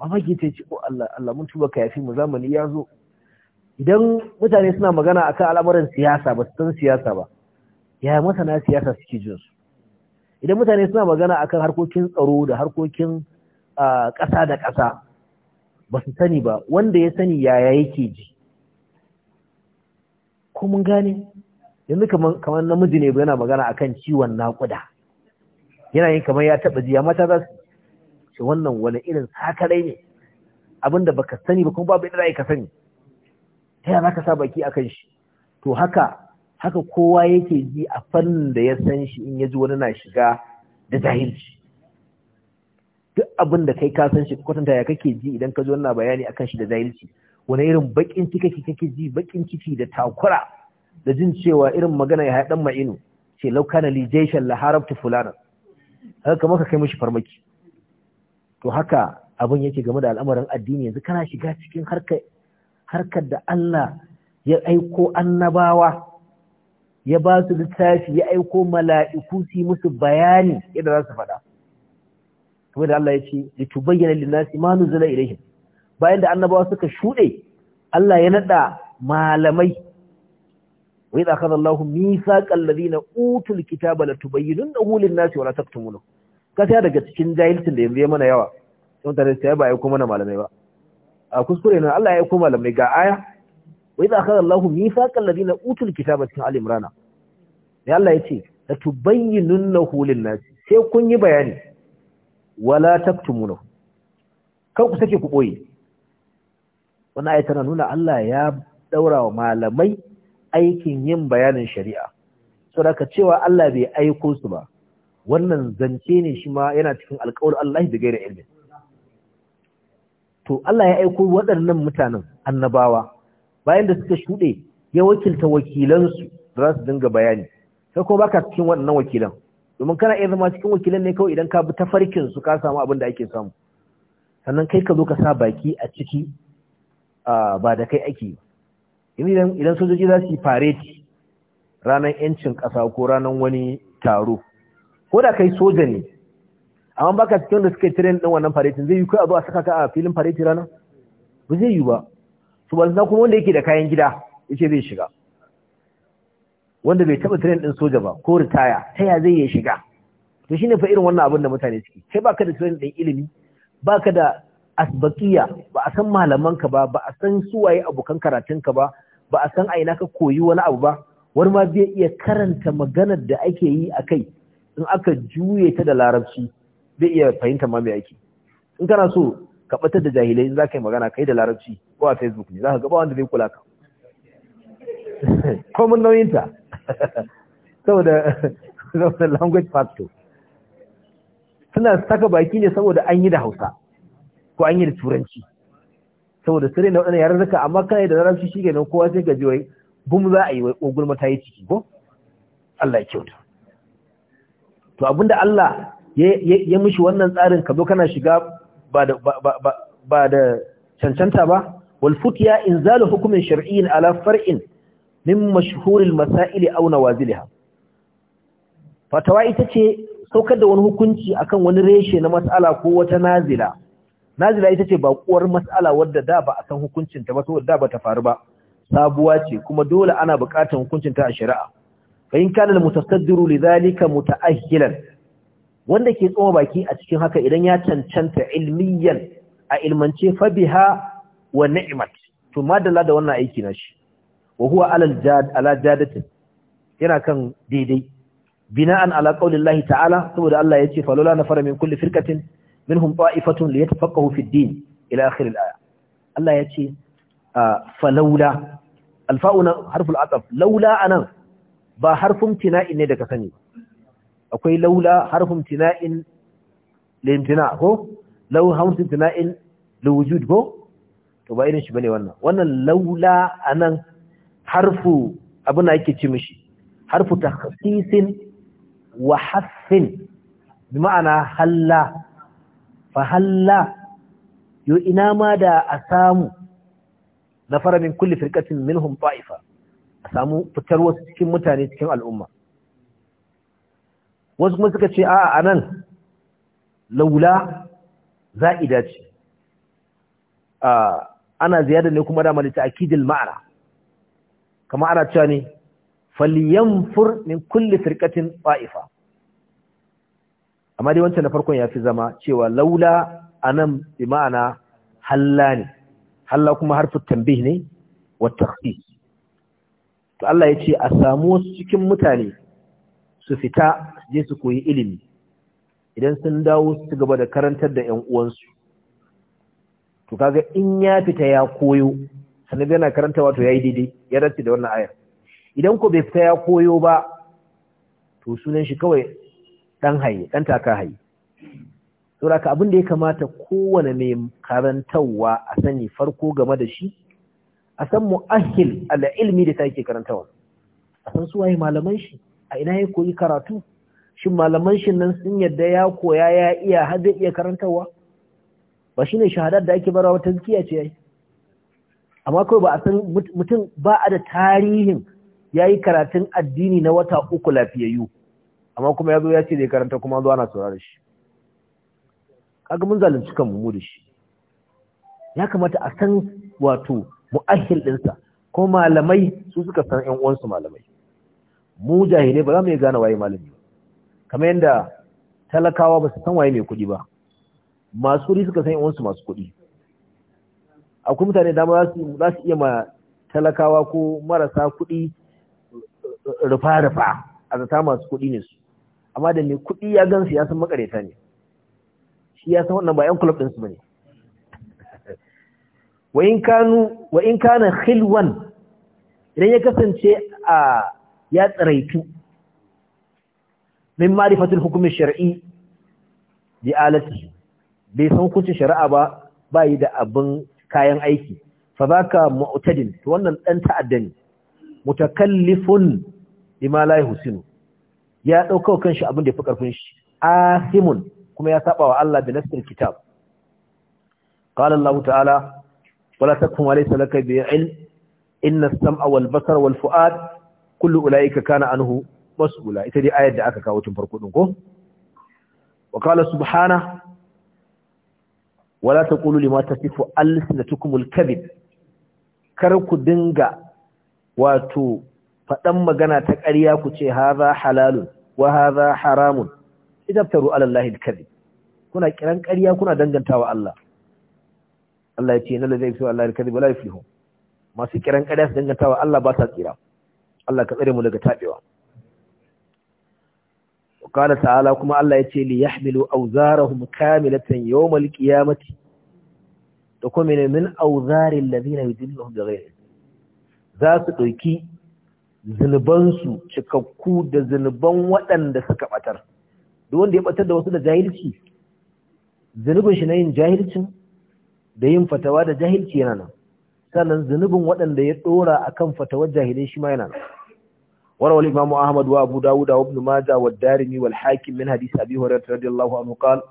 Speaker 1: mamaki ta ce ko oh Allah Allah mun tuba ka yafi mu zamani ya zo idan mutane suna magana akan al'amuran siyasa ba su san siyasa ba yaya masana siyasa suke jin su idan mutane suna magana akan harkokin tsaro da harkokin ƙasa da ƙasa ba su sani ba wanda ya sani yaya yake ji ko mun gane yanzu kamar namiji ne yana magana akan ciwon naƙuda yana yin kamar ya taɓa ji ya mata za su ce wannan wani irin sakarai ne abinda baka sani ba kuma babu yadda ka sani ta yana ka sa baki akan shi to haka haka kowa yake ji a fannin da ya san shi in ya ji wani na shiga da jahilci duk abin da kai ka san shi kwatanta ya kake ji idan ka zo wannan bayani akan shi da zahilci wani irin bakin ciki kake kake ji bakin ciki da takura da jin cewa irin magana ya haɗan ma'inu ce laukana lijeshan la harabtu fulana haka kamar ka kai mishi farmaki to haka abin yake game da al'amarin addini yanzu kana shiga cikin harkar harkar da Allah ya aiko annabawa ya ba su littafi ya aiko mala'iku su musu bayani yadda za su faɗa kamar da Allah ya ce litubayyana lin linnasi ma nuzila ilayhim bayan da annabawa suka shuɗe, Allah ya nada malamai wa idza akhadha Allahu mithaqal ladina utul kitaba latubayyinunahu lin-nasi wa la taktumunahu kasa daga cikin jahilcin da yanzu ya mana yawa sun tare sai ba ya kuma na malamai ba a kuskure na Allah ya kuma malamai ga aya wa idza akhadha Allahu mithaqal ladina utul kitaba cikin al-imrana ne Allah ya ce latubayyinunahu lin-nasi sai kun yi bayani wala taktumunahu Kan ku sake ku boye wannan ayata tana nuna Allah ya daura wa malamai aikin yin bayanin shari'a saboda cewa Allah bai aiko su ba wannan zance ne shi ma yana cikin alƙawarin Allah da gairar ilmi to Allah ya aiko waɗannan mutanen annabawa bayan da suka shuɗe ya wakilta wakilansu za su dinga bayani sai kuma baka cikin waɗannan wakilan domin kana iya zama cikin wakilan ne kawai idan ka bi ta farkin su ka samu abin da ake samu sannan kai ka zo ka sa baki a ciki ba da kai ake idan sojoji za su yi fareti ranar yancin ƙasa ko ranar wani taro ko da kai soja ne amma baka cikin da suka yi tirin din wannan faretin zai yi kai a zo a saka ka a filin fareti rana ba zai yi ba su ba kuma wanda yake da kayan gida yake zai shiga wanda bai taba tren ɗin soja ba ko ritaya ta ya zai ya shiga to shine fa irin wannan abun da mutane suke kai baka da tren ɗin ilimi baka da asbaqiya ba a san ka ba ba a san suwaye abokan ka ba ba a san ina ka koyi wani abu ba wani ma bai iya karanta maganar da ake yi a kai in aka juye ta da larabci bai iya fahimta ma mai ake in kana so ka batar da jahilai za ka yi magana kai da larabci ko a facebook ne za ka gaba wanda zai kula ka [LAUGHS] komin nauyinta [LAUGHS] saboda saboda language factor suna saka baki ne saboda an yi da hausa ko an yi da turanci saboda sirri na waɗannan yaran zaka amma kana da zarafi shi kenan kowa sai gaji wai bum za a yi wai gulma ta yi ciki ko Allah ya kyauta to abinda Allah ya mishi wannan tsarin ka zo kana shiga ba da ba da cancanta ba wal futiya inzalu hukumin shar'iyyin ala far'in min mashhuril masaili aw nawazilha fatawa ita ce saukar da wani hukunci akan wani reshe na mas'ala ko wata nazila nazila ita ce bakuwar mas'ala wadda da ba a san hukuncin ta ba saboda da ba ta faru ba sabuwa ce kuma dole ana buƙatar hukuncin ta a shari'a fa in kana al-mutasaddiru lidhalika mutaahhilan wanda ke tsoma baki a cikin haka idan ya cancanta ilmiyan a ilmance fabiha biha wa ni'mat to madalla da wannan aiki na shi wa huwa ala jadatin yana kan daidai bina'an ala qaulillahi ta'ala saboda Allah yace falula nafara min kulli firqatin minhum ta'ifatun liyatafaqahu fid din ila akhir al-aya Allah yace ah, falula alfa'una harful ataf laula anan ba harfun tina'in ne daga ka sani akwai laula harfun tina'in limtina ko lau hamsin tina'in liwujud ko to ba irin shi bane wannan wannan laula anan harfu abin da ake ce mishi harfu takhsisin wa haffin bi ma'ana halla fa halla yo ina ma da a samu na fara min kulli firqatin minhum ta'ifa a samu fitar wasu cikin mutane cikin al'umma wasu kuma suka ce a anan laula za'ida ce ana ziyada ne kuma da malita akidil ma'ana kama ana cewa ne falyanfur min kulli firqatin qa'ifa amma dai wancan na farkon yafi zama cewa laula anan bi ma'ana halla ne halla kuma harfin tanbih ne wa takhsis to Allah yace a samu wasu cikin mutane su fita je su koyi ilimi idan sun dawo su gaba da karantar da ƴan uwansu to kaga in ya fita ya koyo annabi yana karanta wato yayi daidai ya dace da wannan ayar idan ko bai fita ya koyo ba to sunan shi kawai dan haye dan taka haye to ka abin da ya kamata kowane mai karantawa a sani farko game da shi a san mu'ahil ala ilmi da take karantawa a san su waye malaman shi a ina ya koyi karatu shin malaman shi nan sun yadda ya koya ya iya har iya karantawa ba shine shahadar da ake barawa tazkiya ce yayi amma kawai ba a san mutum ba a da tarihin ya yi karatun addini na wata uku lafiyayyu amma kuma ya zo ya ce zai karanta kuma zuwa na saurari shi kaga mun zalunci kan mu da shi ya kamata a san wato mu'ahil ɗinsa ko malamai su suka san ƴan uwansu malamai mu jahilai ba za mu iya gane waye malami ba kamar yadda talakawa ba su san waye mai kuɗi ba masu kuɗi suka san ƴan uwansu masu kuɗi akwai mutane dama za su iya ma talakawa ko marasa kuɗi rufa-rufa a zata masu kuɗi ne su amma da mai kuɗi ya gan su ya san makareta ne shi ya san wannan ba yan club ɗinsu ba ne [LAUGHS] wa in kana hilwan idan ya kasance a ya tsaraitu min marifatul hukumin shari'i, bi alati bai san hukuncin shari'a ba bayi da abin kayan aiki fa zaka mu'tadin to wannan dan ta'adda ne mutakallifun bima la ya ɗaukawa kanshi abin da fi ƙarfin shi Ahimun. kuma ya saba wa Allah da nasir kitab qala Allah ta'ala wala takfum alaysa laka bi'ilm inna as-sam'a wal basar, wal fu'ad kullu ka kana anhu mas'ula ita dai ayar da aka kawo tun farko ɗin, ko wa qala subhana wala taqulu lima tasifu alsinatukum kabin, kar ku dinga wato faɗan magana ta ƙarya ku ce hadha halalun wa hadha haramun idaftaru ala allahi kabin. kuna kiran ƙarya kuna dangantawa Allah Allah ya ce na lazai fi Allah alkadhib wala yuflihu masu kiran ƙarya su dangantawa Allah ba ta tsira Allah ka tsare mu daga tabewa qala ta'ala kuma Allah ya yace li yahmilu awzarahum kamilatan yawmal qiyamati da kuma ne min awzaril ladina da bighayri za su ɗauki zunubansu cikakku da zunuban waɗanda suka ɓatar. Da wanda ya ɓatar da wasu da jahilci zunubin shi na yin jahilcin da yin fatawa da jahilci yana nan sannan zunubin waɗanda ya ɗora a kan fatawar jahilin shi ma yana nan وروى الإمام أحمد وأبو داود وابن ماجه والدارمي والحاكم من حديث أبي هريرة رضي الله عنه قال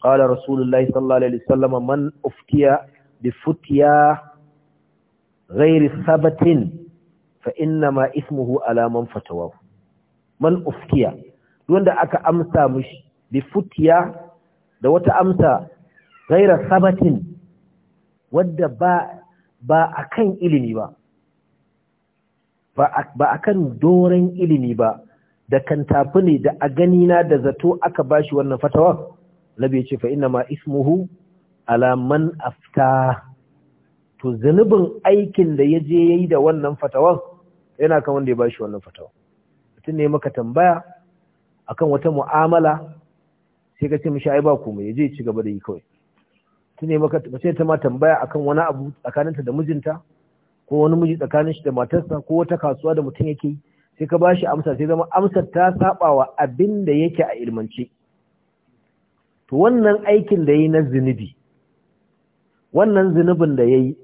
Speaker 1: قال رسول الله صلى الله عليه وسلم من أفتي بفتيا غير ثبت فإنما إثمه على من فتواه man ufkiya wanda aka amsa mishi bi futiya da wata amsa gaira sabatin wadda ba ba akan ilimi ba ba a kan doron ilimi ba da kan tafi ne da a gani na da zato aka bashi wannan fatawa nabi ya ce fa inna ma ismuhu ala man afta to zanubin aikin da ya je yayi da wannan fatawan yana kan wanda ya bashi wannan fatawa mutum ne maka tambaya akan wata mu'amala sai ka ce mishi ai ba komai ya je ci gaba da yi kawai mutum ne maka mace ta ma tambaya akan wani abu tsakaninta da mijinta ko wani miji tsakanin shi da matarsa ko wata kasuwa da mutum yake yi sai ka bashi amsa sai zama amsar ta saba wa abin da yake a ilmance to wannan aikin da yi na zunubi wannan zunubin da yayi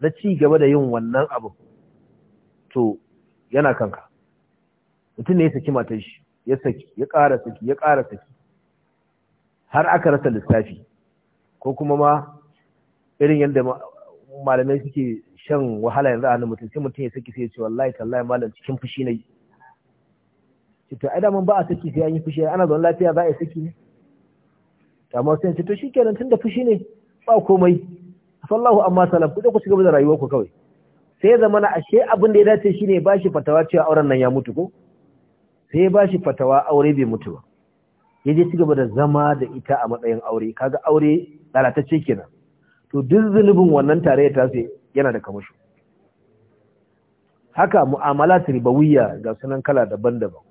Speaker 1: na ci gaba da yin wannan abu to yana kanka mutum ne ya saki matar shi ya saki ya ƙara saki ya ƙara saki har aka rasa lissafi ko kuma ma irin yadda malamai suke shan wahala yanzu a mutum sai mutum ya saki sai ya ce wallahi tallahi malam cikin fushi ne ce to ai da mun ba a saki sai an yi fushi ana zaune lafiya za a yi saki ne Ta ma sai ce to tun da fushi ne ba komai sallahu amma salam ku ku ci da rayuwar ku kawai sai ya zama na ashe abin da ya dace shine ba shi fatawa cewa auren nan ya mutu ko sai ya ba shi fatawa aure bai mutu ba ya je ci gaba da zama da ita a matsayin aure kaga aure lalatacce kenan to duk zunubin wannan tare ya tasiri yana da kamasho haka mu'amalat ribawiyya ga sunan kala daban-daban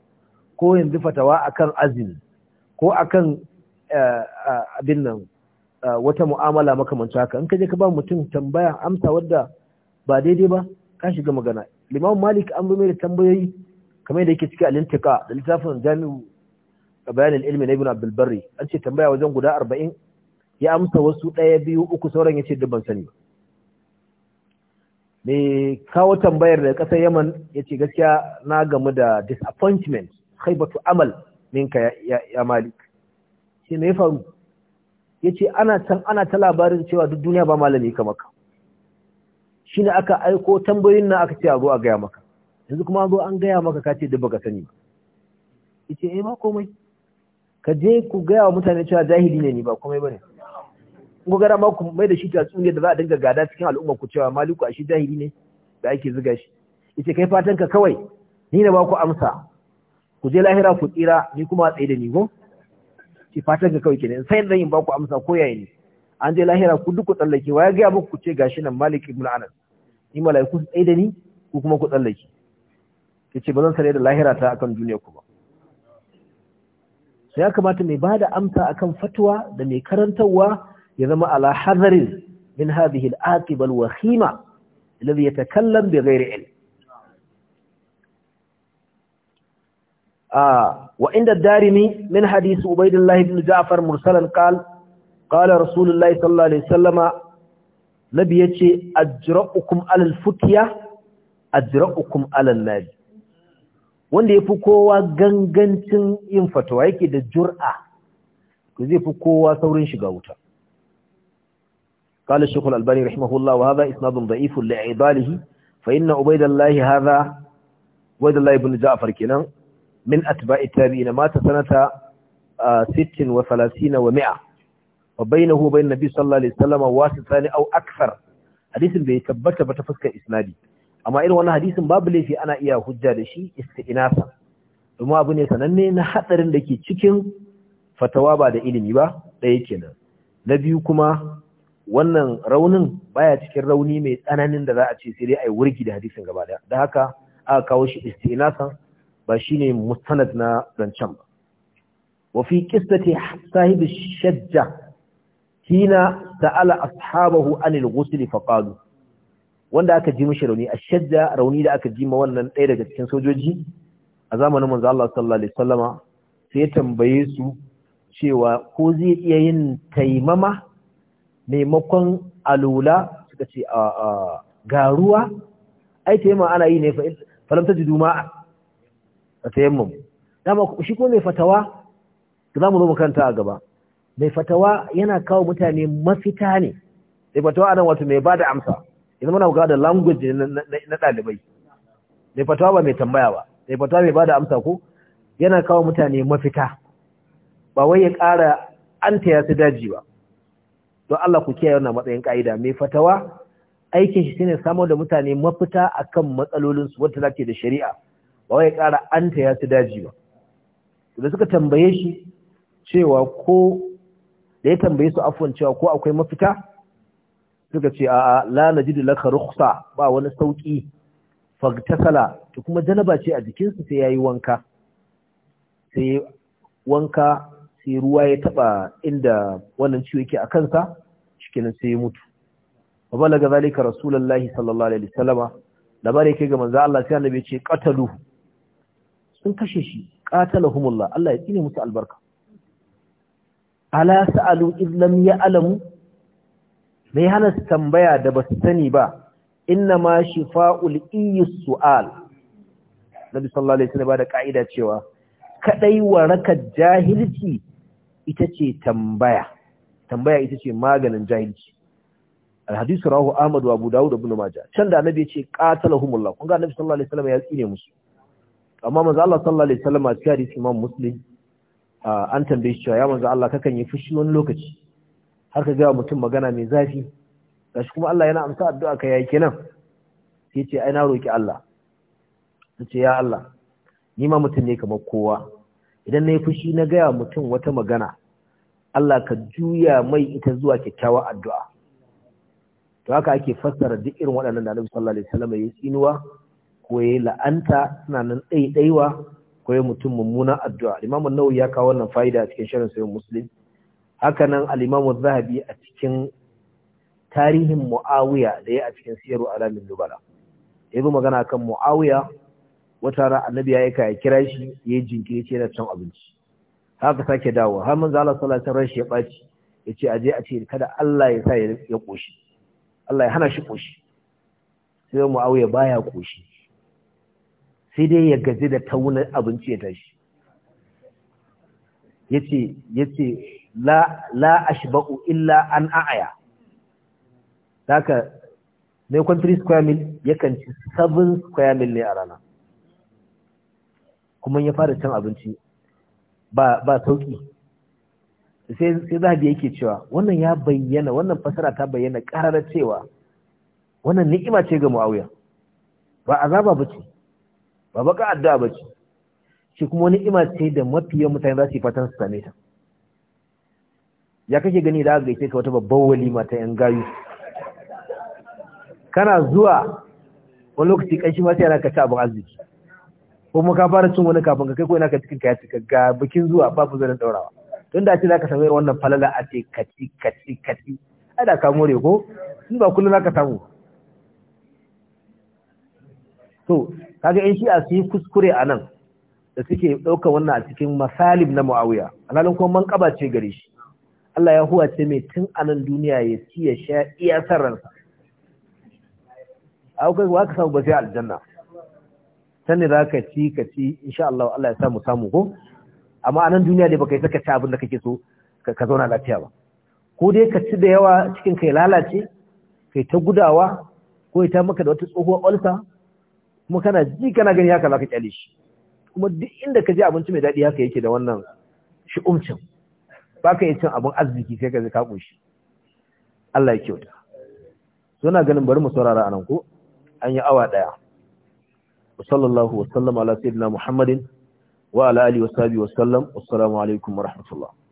Speaker 1: ko yanzu fatawa akan azumi ko akan eh, eh, abin nan eh, wata mu'amala makamancin haka in ka je ka ba mutum tambaya amsa wadda ba daidai ba ka shiga magana limam malik an bi mai da tambayoyi kamar da yake cikin alintika da littafin jami'u bayanin ilmi na ibn abdul barri an ce tambaya wajen guda arba'in ya amsa wasu ɗaya biyu uku sauran ya ce duk ban sani ba mai kawo tambayar da ƙasar yaman ya ce gaskiya na gamu da disappointment haibatu amal minka ya malik shi mai faru ya ce ana can ana ta labarin cewa duk duniya ba malami ka maka shi ne aka aiko tambayoyin na aka ce a zo a gaya maka yanzu kuma zo an gaya maka ka ce duk baka sani ba ya ce eh ba komai ka je ku gaya wa mutane cewa jahili ne ni ba komai ba ne kun gara ma ku mai da shi tatsuniya da za a dinga gada cikin al'umma ku cewa maliku shi jahili ne da ake zuga shi yace kai fatan ka kawai ni na ba ku amsa ku je lahira ku tsira ni kuma tsaye da ni go ki fatan ka kawai kenan sai zan yi ba ku amsa ko yayi ne an je lahira ku duk ku tsallake wa ya ga muku ku ce gashi nan malik ibn anas ni malaiku su tsaye da ni ku kuma ku tsallake yace ba zan sare da lahira ta akan duniya ku ba sai ya kamata mai bada amsa akan fatwa da mai karantarwa ya zama ala hadarin min da al-aqibal wakhima alladhi yatakallam bighayri ilm آه وعند الدارمي من حديث عبيد الله بن جعفر مرسلا قال قال رسول الله Sallama, na biya ce a يجي أجرأكم على a أجرأكم على الناج wanda yafi kowa gangancin yin fatawa yake da jur'a ko zai fi kowa saurin shiga wuta قال الشيخ الألباني رحمه الله وهذا إسناد ضعيف لعضاله فإن عبيد الله هذا عبيد الله بن جعفر كنا من أتباع التابعين مات سنة ست وثلاثين ومئة وبينه وبين النبي صلى الله عليه وسلم واسطان أو أكثر حديث بيتبت بتفسك إسنادي amma irin wani hadisin babu laifi ana iya hujja da shi isti'inasa domin abu ne sananne na hatsarin da ke cikin fatawa ba da ilimi ba ɗaya kenan na biyu kuma wannan raunin baya cikin rauni mai tsananin da za a ce sai dai a wurgi da hadisin gaba daya da haka aka kawo shi istinasan ba shine mustanad na zancen ba wa fi sahib shajja hina sa'ala ashabahu anil ghusl fa qalu wanda aka ji mishi rauni a shajja rauni da aka ji ma wannan ɗaya daga cikin sojoji a zamanin manzo Allah sallallahu alaihi wasallama sai ya tambaye su cewa ko zai iya yin taimama maimakon alula suka ce a garuwa ruwa ai tayammum ana yi ne falamta tajidu ma a mu. dama shi ko mai fatawa za mu zo mu kanta a gaba mai fatawa yana kawo mutane mafita ne mai fatawa anan wato mai bada amsa idan muna buga da language na ɗalibai mai fatawa ba mai tambaya ba mai fatawa mai bada amsa ko yana kawo mutane mafita ba wai ya ƙara an ta su daji ba don Allah ku kiyaye wannan matsayin ka'ida mai fatawa aikin shi shine samar da mutane mafita akan matsalolin su wanda take da shari'a ba wai ƙara anta ya su daji ba da suka tambaye shi cewa ko da ya tambaye su afwan cewa ko akwai mafita suka ce a'a la najidu laka rukhsa ba wani sauki fagtasala to kuma janaba ce a jikinsu sai yayi wanka sai wanka sai ruwa ya taba inda wannan ciwo yake a kansa cikin sai ya mutu wa balaga zalika rasulullahi sallallahu alaihi wasallama labari yake ga manzo Allah sai annabi ya ce qatalu sun kashe shi qatalahumullah Allah ya tsine musu albarka ala sa'alu id lam ya'lamu mai hana tambaya da ba su sani ba inna ma shifa'ul iyyus su'al nabi sallallahu alaihi wasallam ba da ka'ida cewa kadai warakar jahilci ita ce tambaya tambaya ita ce maganin jahilci alhadisu rahu Ahmadu, abu dawud da ibn majah can da annabi ya ce qatalahumullah kun ga annabi sallallahu alaihi wasallam ya tsine musu amma manzo Allah sallallahu alaihi wasallam a cikin hadisi imam muslim an tambaye shi ya manzo Allah kakan yi fushi wani lokaci har ka ga mutum magana mai zafi gashi kuma Allah yana amsa addu'a ka yayi kenan sai ce ai na roki Allah sai ce ya Allah ni ma mutum ne kamar kowa idan na yi fushi na gaya mutum wata magana Allah ka juya mai ita zuwa kyakkyawa addu'a to haka ake fassara duk irin waɗannan da Annabi sallallahu alaihi wasallam ya tsinuwa ko ya la'anta suna nan ɗaiɗaiwa ko ya mutum mummunan addu'a Imam nau ya kawo wannan fa'ida a cikin shirin Sahih Muslim haka nan al-Imam zahabi a cikin tarihin Muawiya da ya a cikin siyarwa Alamin ya yayi magana kan Muawiya wata rana annabi ya aika ya kira shi ya jinkiri ce na can abinci haka sake dawo har mun zala sallallahu alaihi wasallam ya baci ce aje a ce kada Allah ya sa ya koshi Allah ya hana shi koshi sai Muawiya baya koshi sai dai ya gaji da tauna abinci ya tashi yace yace la la ashba'u illa an a'ya haka ne kwantri square mil yakan ci 7 square mil ne a rana kuma ya fara cin abinci ba sauki sai sai zahabi yake cewa wannan ya bayyana wannan fasara ta bayyana karar cewa wannan ni'ima ce ga Muawiya ba azaba bace ba baka addu'a bace shi kuma ni'ima ce da mafiyan mutane za su yi fatan su same ta ya kake gani da aka gaishe ka wata babbar walima ta yan gayu kana zuwa wani lokaci kanshi ma sai yana ka ci abin arziki Ko kuma ka fara cin wani kafin ka kai ko ina ka cikin kaya ka ga bikin zuwa babu zanen daurawa tun da ce za ka samu irin wannan falala a ce kaci kaci kaci
Speaker 2: ada ka more ko
Speaker 1: in ba kullum za ka samu to kaga in shi a su yi kuskure a nan da suke ɗauka wannan a cikin masalib na mu'awiya alhalin kuma man kaba ce gare shi Allah ya huwa ce mai tun a nan duniya ya ci ya sha iya ransa a wa ka samu ba sai aljanna ta za ka ci ka ci insha Allah Allah ya samu samu ko amma a nan duniya ne baka yi saka ci abin da kake so ka zauna lafiya ba ko dai ka ci da yawa cikin kai lalace kai ta gudawa ko ita maka da wata tsohuwar olsa kuma kana ji kana gani haka za ka kyale shi kuma duk inda ka je abinci mai daɗi haka yake da wannan shi'umcin ba ka yi cin abin arziki sai ka zai ka shi Allah ya kyauta suna ganin bari mu saurara a ko an yi awa ɗaya وصلى الله وسلم على سيدنا محمد وعلى آله وصحبه وسلم والسلام عليكم ورحمة الله